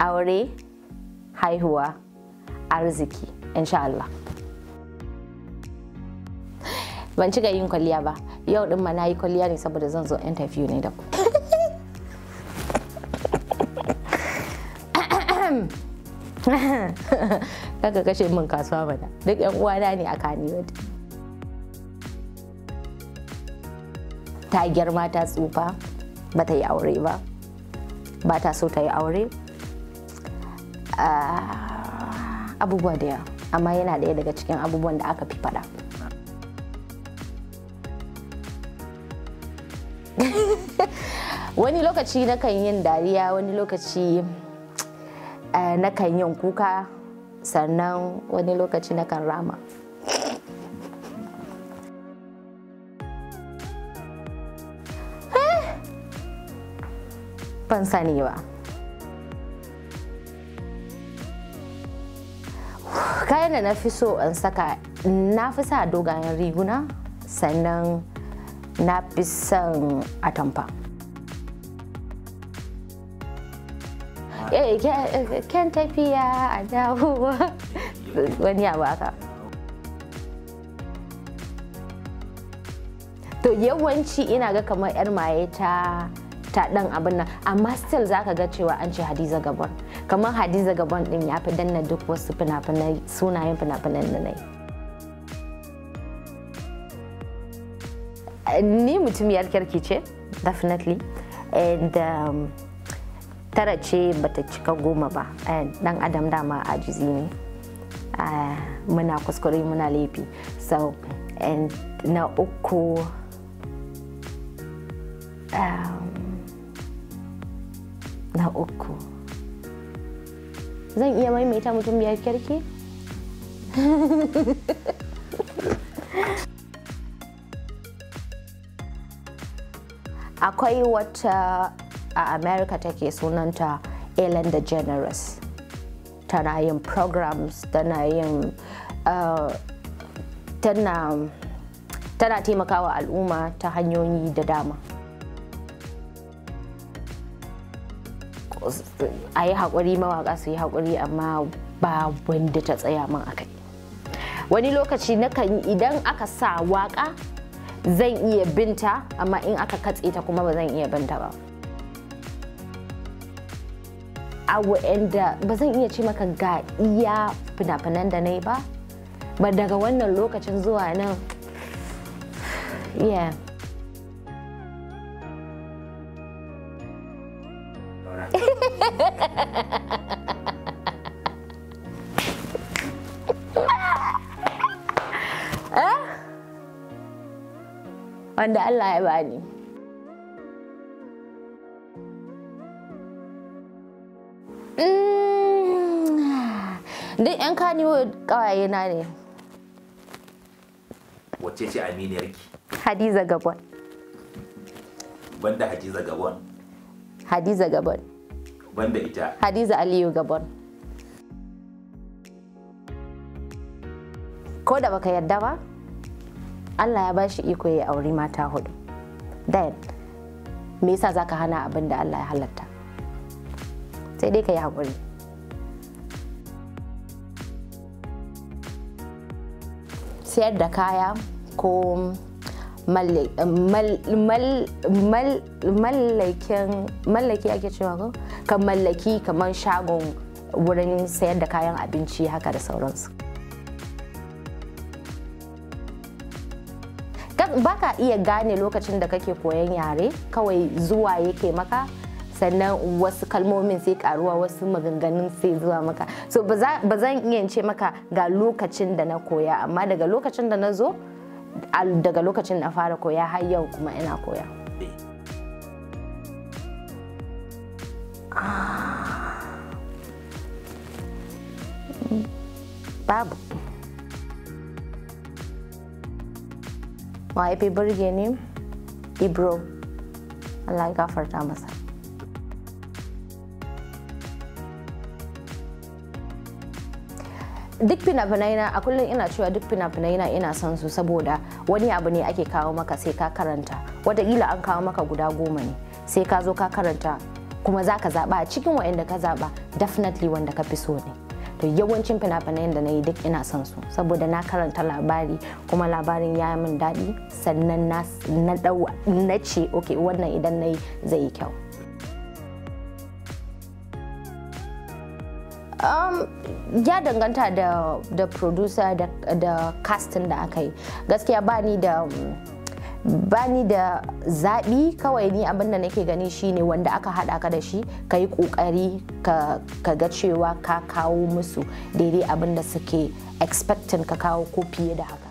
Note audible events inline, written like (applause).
aure haihuwa arziki insha Allah ban ci yin kwalliya ba yau din ma nayi kwalliya ne saboda zan zo interview ne da ku (coughs) kaka kashe min kasuwa mana duk yan uwana ne a kaniwood ta girma ta tsufa ba ta yi aure ba ba ta so ta yi aure Ah, abubuwa da yawa amma yana ɗaya daga cikin abubuwan da aka fi faɗa (laughs) wani lokaci na kan yin dariya wani lokaci eh, na kan yin kuka sannan wani lokaci na kan rama eh, ban sani ba kayan da na fi so in saka na fi sa dogayen riguna sannan na fi son atamfa eh, kyan tafiya a dawowa (laughs) wani abu haka to yawanci ina ga kamar 'yar maye ta ta dan abin nan amma still zaka ga cewa an ce hadiza gabon kamar hadiza gabon din ya fi danna duk wasu fina-finai sunayen fina-finan da nai ni eh, ni mutumiyar kirki ce definitely and um, tara ce bata cika goma ba dan eh, adam dama jizi ne eh, muna kuskure muna laifi so and na uku um, na uku zan iya maimaita mutum biyar kirki? (laughs) akwai wata a america take sunanta ellen the generous tana yin programs tana yin uh, tana taimakawa al'umma ta hanyoyi da dama a yi haƙuri mawaƙa su yi haƙuri amma ba wanda ta tsaya min a kai wani lokaci nakan idan aka sa waƙa zan iya binta amma in aka katse ta kuma ba zan iya binta ba a wa'anda ba zan iya ce maka ga iya fina-finan da na yi ba ba daga wannan lokacin zuwa nan yeah (laughs) wanda Allah ya bani. Mm. Duk 'yan kaniwo ƙawaye na ne. Wace ce aminiyarki? Hadiza Gabon. Banda Hadiza Gabon. Hadiza Gabon. banda ita hadiza aliyu gabon ko da baka yarda ba allah ya bashi iko ya auri mata hudu dan me yasa zaka hana abin da allah ya halatta sai dai ka yi haƙuri siyar da kaya ko mallakin mallaki ake cewa ko ka mallaki kamar shagon wurin sayar da kayan abinci haka da sauransu baka iya gane lokacin da kake koyan yare kawai zuwa yake maka sannan wasu kalmomin sai karuwa wasu maganganun sai zuwa maka so ba zan iya ce maka ga lokacin da na koya amma daga lokacin da na zo daga lokacin na fara koya har yau kuma ina koya. babu wa fi burge ni ibro Allah masa duk na a kullum ina cewa duk finafinai na ina son su saboda wani abu ne ake kawo maka sai ka karanta watakila an kawo maka guda goma ne sai ka zo ka karanta kuma za ka zaɓa a cikin waɗanda ka zaɓa definitely wanda ka fi so ne to yawancin fina finai da na yi duk ina son su saboda na karanta labari kuma labarin ya min daɗi sannan na ɗau na ce ok wannan idan na yi zai yi kyau um, ya danganta da, producer da, da casting da aka yi gaskiya ba ni da bani da zaɓi kawai ni abin da nake gani shine wanda aka haɗa ka da shi ka yi ƙoƙari ka ga cewa ka kawo musu daidai abin da suke expecting ka kawo ko fiye da haka